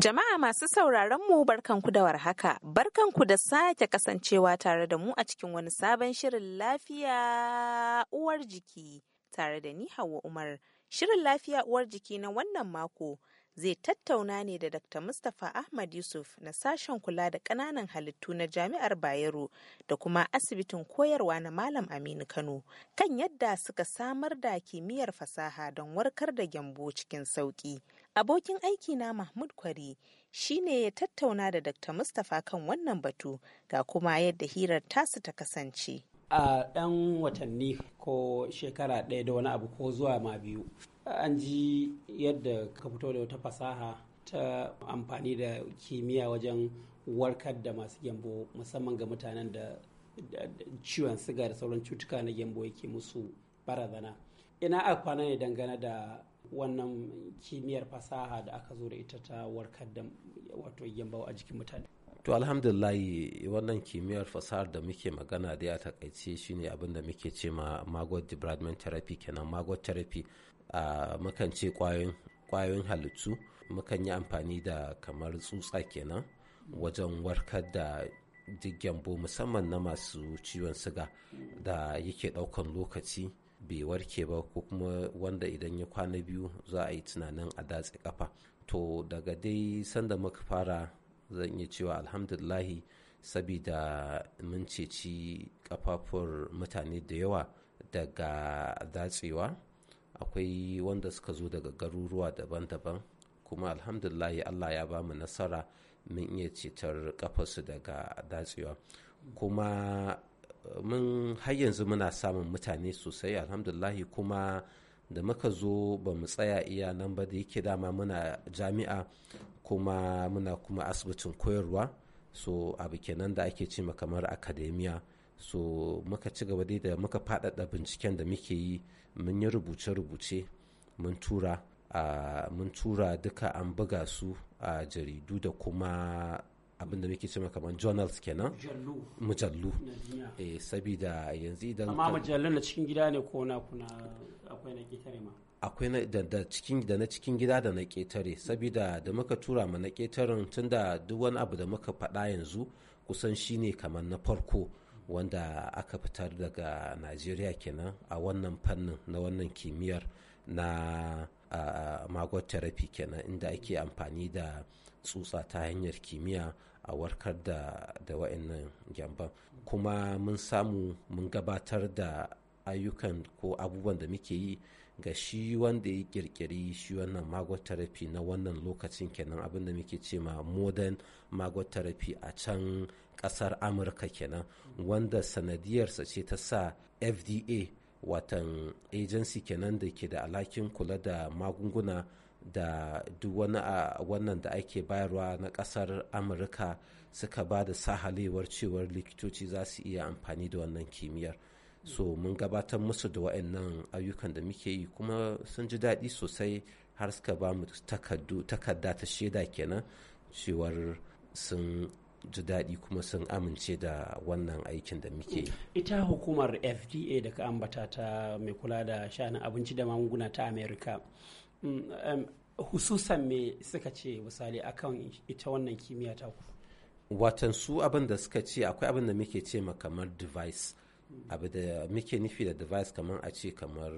Jama'a masu sauraron mu barkanku da warhaka, barkanku da sake kasancewa tare da mu a cikin wani sabon shirin lafiya uwar jiki tare da ni Hauwa Umar. Shirin lafiya uwar jiki na wannan mako zai tattauna ne da Dr. Mustapha Ahmad Yusuf na sashen kula da ƙananan halittu na Jami'ar Bayero da kuma asibitin koyarwa na Malam Aminu Kano kan yadda suka samar da kimiyyar fasaha don warkar da gyambo cikin sauƙi. Abokin aiki na Mahmud Kwari shi ne ya tattauna da Dr. Mustapha kan wannan batu ga kuma yadda hirar tasu ta kasance. a ɗan watanni ko shekara ɗaya da wani abu ko zuwa ma biyu an ji yadda ka fito da wata fasaha ta amfani da kimiyya wajen warkar da masu gyambo musamman ga mutanen da ciwon siga da sauran cutuka na gyambo yake musu barazana ina a kwana ne dangane da wannan kimiyyar fasaha da aka zo da ita ta warkar da wato gyambo a jikin mutane to alhamdulillahi wannan kimiyyar fasahar da muke magana da ya takaice shine abin da muke ce ma magot debridement therapy kenan magot therapy a mukan ce kwayoyin halittu mukan yi amfani da kamar tsutsa kenan wajen warkar da duk gyambo musamman na masu ciwon siga da yake daukan lokaci bai warke ba ko kuma wanda idan ya kwana biyu za a yi tunanin a datse kafa to daga dai sanda muka fara zan iya cewa alhamdulahi sabida mun ceci kafafuwar mutane da yawa daga datsewa akwai wanda suka zo daga garuruwa daban-daban kuma alhamdulillahi allah ya ba mu nasara mun iya cetar kafarsu daga datsewa kuma eh, mun har yanzu muna samun mutane sosai alhamdulillahi kuma da muka zo ba mu tsaya iya nan ba da yake dama muna jami'a kuma muna kuma asibitin koyarwa so abu kenan da ake ce kamar akademiya so muka ci gaba dai da muka faɗaɗa binciken da muke yi mun yi rubuce-rubuce mun tura ah, mun tura duka an buga su a jaridu da kuma abinda muke cewa kamar journals kenan mujallu eh saboda yanzu idan amma mujallun na cikin gida ne ko na kuna akwai na ketare ma akwai na da cikin da na cikin gida da na ketare saboda da muka tura mana na ketaren tunda duk wani abu da muka faɗa yanzu kusan shine kamar na farko wanda aka fitar daga Najeriya kenan a wannan fannin na wannan kimiyyar na uh, magot therapy kenan inda ake amfani da tsutsa ta hanyar kimiyya a warkar da da wa'annan gyamban kuma mun samu mun gabatar da ayyukan ko abubuwan da muke yi ga shi wanda ya kirkiri shi wannan magot therapy na wannan lokacin kenan abin da muke ce ma modern magot therapy a can kasar amurka kenan wanda sanadiyarsa ce ta sa fda watan agency kenan da ke da alhakin kula da magunguna da duk wani a wannan da ake bayarwa na kasar amurka suka ba da sahalewar cewar likitoci za su iya amfani da wannan kimiyyar so mun gabatar musu da wa'annan ayyukan da muke yi kuma sun ji daɗi sosai har suka ba mu takarda ta shaida kenan cewar sun ji daɗi kuma sun amince da wannan aikin da muke ita hukumar fda da ka ambata ta mai kula da sha'anin abinci da magunguna ta Amerika. Mm, hususan me suka ce misali akan ita wannan kimiyya ta ku watan su abin da suka ce akwai abin da muke ce ma kamar device abu da muke nufi da device kamar a ce kamar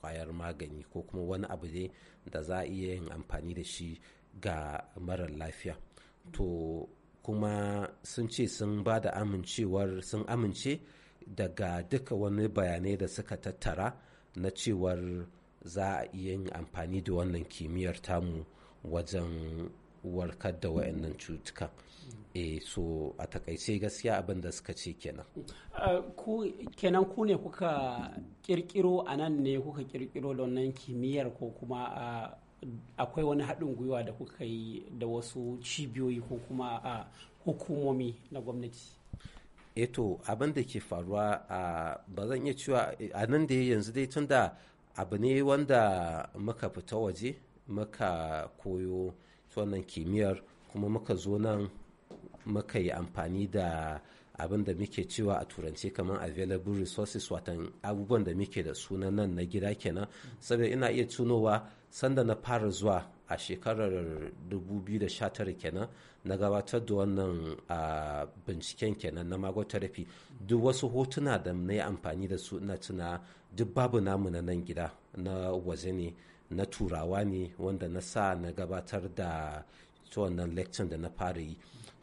kwayar magani ko kuma wani abu ne da za a iya yin amfani da shi ga marar lafiya to kuma sun ce sun ba da amincewar sun amince daga duka wani bayanai da suka tattara na cewar za a iya yin amfani da wannan kimiyyar tamu wajen warkar da wayannan cutukan e so a takaice gaskiya abin da suka ce kenan kenan ku ne kuka kirkiro a nan ne kuka kirkiro da wannan kimiyyar ko kuma akwai wani haɗin gwiwa da kuka yi da wasu cibiyoyi ko kuma a hukumomi na gwamnati eto eh abin da ke faruwa a ba zan iya cewa a nan da yanzu dai tunda abu ne wanda muka fita waje muka koyo wannan kimiyyar kuma muka zo nan muka yi amfani da abin da muke cewa a turanci kamar available resources watan abubuwan da muke da sunan nan na gida kenan saboda ina iya tunowa sanda na fara zuwa a shekarar 2019 kenan na gabatar da wannan binciken kenan na magotarafi duk wasu hotuna da na yi amfani da su ina tuna duk babu namu na nan gida na waje ne na turawa ne wanda na sa na gabatar da ta wannan lecture da na fara yi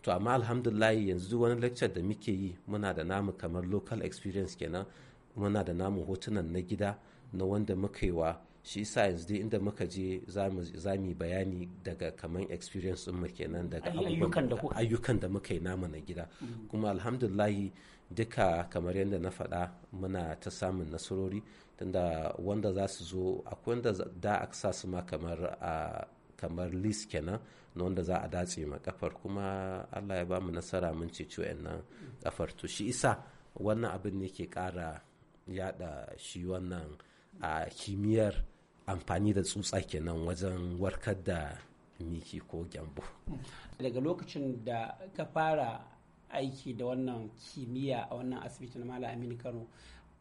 to amma alhamdulahi yanzu duk wani lecture da muke yi muna da namu kamar local experience kenan muna da namu hotunan na gida na wanda muka yi wa shi sa yanzu dai inda muka je za mu bayani daga kaman experience mu kenan daga ayyukan da muka yi namu na gida mm. kuma alhamdulahi duka kamar yadda na faɗa muna ta samun nasarori tunda wanda za su zo akwai wanda da aka sa su ma kamar a kamar list kenan na wanda za a dace ma kafar kuma allah ya ba mu nasara mun ce ceci nan kafar to shi isa wannan abin ne ke kara yada shi wannan a kimiyyar amfani da tsutsa kenan wajen warkar da miki ko gyambo daga lokacin da ka fara aiki da wannan kimiyya a wannan asibiti na malam aminu kano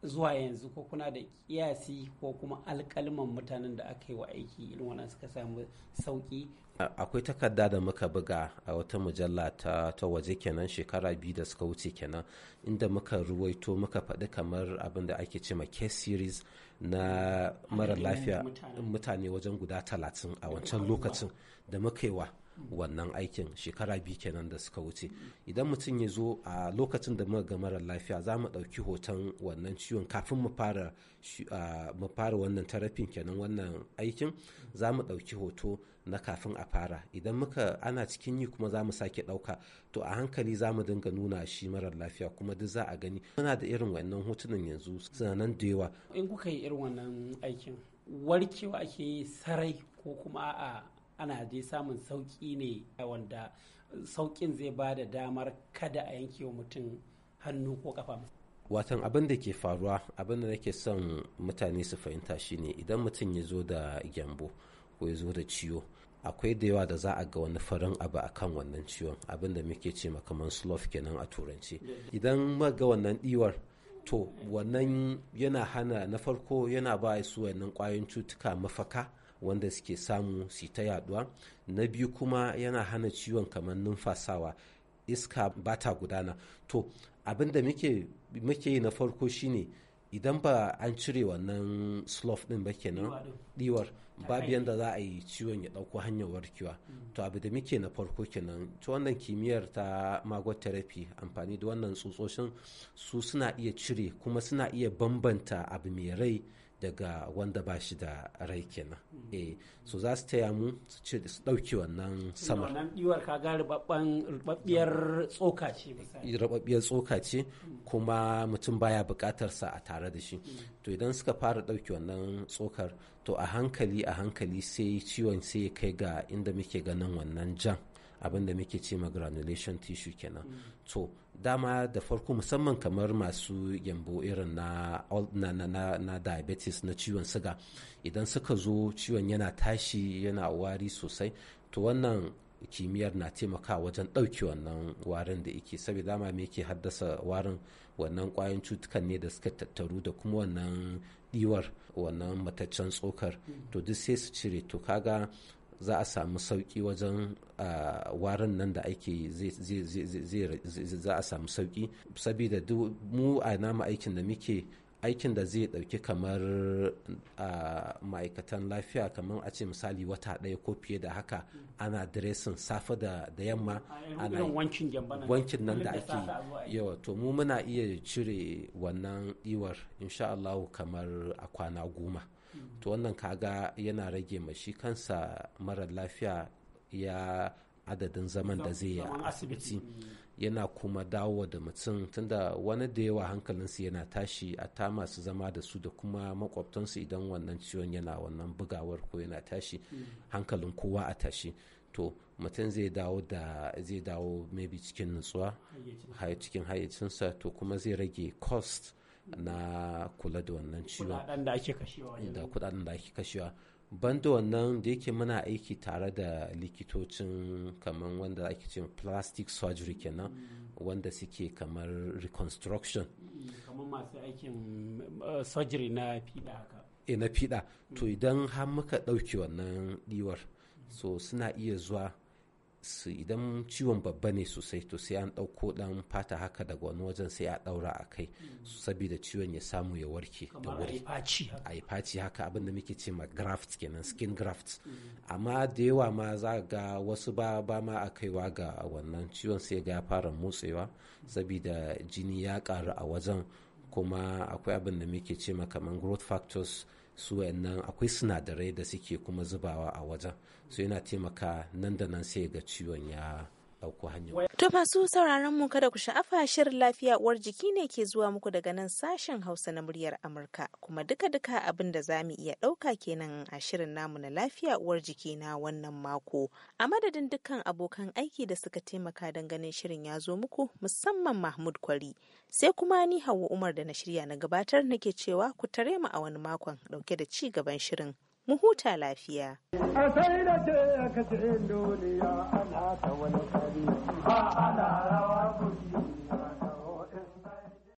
zuwa yanzu ko kuna da kiyasi ko kuma alkalman mutanen da aka yi wa aiki irin wannan suka samu sauki akwai takarda da muka buga a wata mujalla ta, waje kenan shekara biyu da suka wuce kenan inda muka ruwaito muka faɗi kamar abin da ake ce case series na mara lafiya mutane wajen guda talatin a wancan lokacin da muka yi wa wannan aikin shekara biyu kenan da suka wuce idan mutum ya zo a lokacin da muka ga marar lafiya za mu ɗauki hoton wannan ciwon kafin mu fara mu fara wannan tarafin kenan wannan aikin za mu ɗauki hoto na kafin a fara idan muka ana cikin yi kuma za mu sake ɗauka to a hankali za mu dinga nuna shi marar lafiya kuma duk za a gani muna da irin wannan hotunan yanzu suna nan da yawa in kuka yi irin wannan aikin warkewa ake yi sarai ko kuma a ana je samun sauƙi ne wanda sauƙin zai ba da damar kada a yanke wa mutum hannu ko kafa watan abin da ke faruwa abin da nake son mutane su fahimta shine idan mutum ya zo da gyambo ko ya zo da ciwo akwai da yawa da za a ga wani farin abu a kan wannan ciwon abin da muke ce kamar slough kenan a turanci idan ga wannan diwar to wannan yana hana na farko yana ba su wannan kwayoyin cutuka mafaka wanda suke samu su ta yaduwa na biyu kuma yana hana ciwon kamar numfasawa iska ba ta gudana to abin da muke yi na farko shine idan ba an cire wannan slough din ba kenan diwar babu yadda za a yi ciwon ya dauko hanyar warkewa mm. to abu da muke na farko kenan to wannan kimiyyar ta magot therapy amfani da wannan tsutsoshin su suna iya cire kuma suna iya bambanta abu mai rai daga wanda ba shi da rai kenan eh so za su taya mu su ce su dauki wannan samar wannan diwar ka ga rubabbiyar tsoka ce rubabbiyar tsoka ce kuma mutum baya bukatar sa a tare da shi mm. to idan suka fara dauki wannan tsokar to a hankali a hankali sai ciwon sai ya kai ga inda muke ganin wannan jan abin da muke ce ma granulation tissue kenan to dama da farko musamman kamar masu gyambo irin na, na, na, diabetes na ciwon suga idan suka zo ciwon yana tashi yana wari sosai to wannan kimiyyar na taimaka wajen ɗauke wannan warin da yake saboda dama me yake haddasa warin wannan ƙwayoyin cutukan ne da suka tattaru da kuma wannan diwar wannan mataccen tsokar to duk sai su cire to kaga za a samu sauki wajen warin nan da ake za a samu sauki saboda mu a nama aikin da muke aikin da zai ɗauki kamar ma'aikatan lafiya kamar a ce misali wata ɗaya ko fiye da haka ana diresin safe da yamma ana wankin nan da ake yawa to mu muna iya cire wannan iwar insha kamar a kwana goma to wannan kaga yana rage ma shi kansa mara lafiya ya adadin zaman da zai yi a asibiti yana kuma dawo da mutum tunda wani da yawa hankalinsu yana tashi a ta masu zama da su da kuma makwabtansu idan wannan ciwon yana wannan bugawar ko yana tashi hmm. hankalin kowa a tashi to mutum zai dawo da zai dawo maybe cikin nutsuwa cikin hayyacinsa to kuma zai rage cost na kula da wannan ciwon da kudaden da ake kashewa banda wannan da yake muna aiki tare da likitocin kamar wanda ake ce plastic surgery kenan mm. wanda suke kamar reconstruction mm, kamar masu aikin eh, surgery na fiɗa haka eh, na fiɗa to mm. idan har muka ɗauki wannan diwar so suna iya zuwa su idan ciwon babba ne sosai to sai an ɗauko ɗan fata haka daga wani wajen sai a ɗaura a kai saboda ciwon ya samu ya warke da wuri a yi faci haka abin da muke ce ma graft kenan skin graft amma da yawa ma za ga wasu ba ba ma a kaiwa ga wannan ciwon sai ga ya fara motsewa saboda jini ya ƙaru a wajen kuma akwai abin da muke ce ma kamar growth factors su wayannan akwai sinadarai da suke kuma zubawa a wajen su yana taimaka nan da nan sai ga ciwon ya ɗauko hanyar. To masu sauraron mu kada ku sha'afa shirin lafiya uwar jiki ne ke zuwa muku daga nan sashen Hausa na muryar Amurka kuma duka-duka abin da za iya ɗauka kenan a shirin namu na lafiya uwar jiki na wannan mako. A madadin dukkan abokan aiki da suka taimaka don ganin shirin ya zo muku musamman Mahmud Kwari. Sai kuma ni Hauwa Umar da na shirya na gabatar nake cewa ku tare mu a wani makon ɗauke da ci gaban shirin. mu huta lafiya.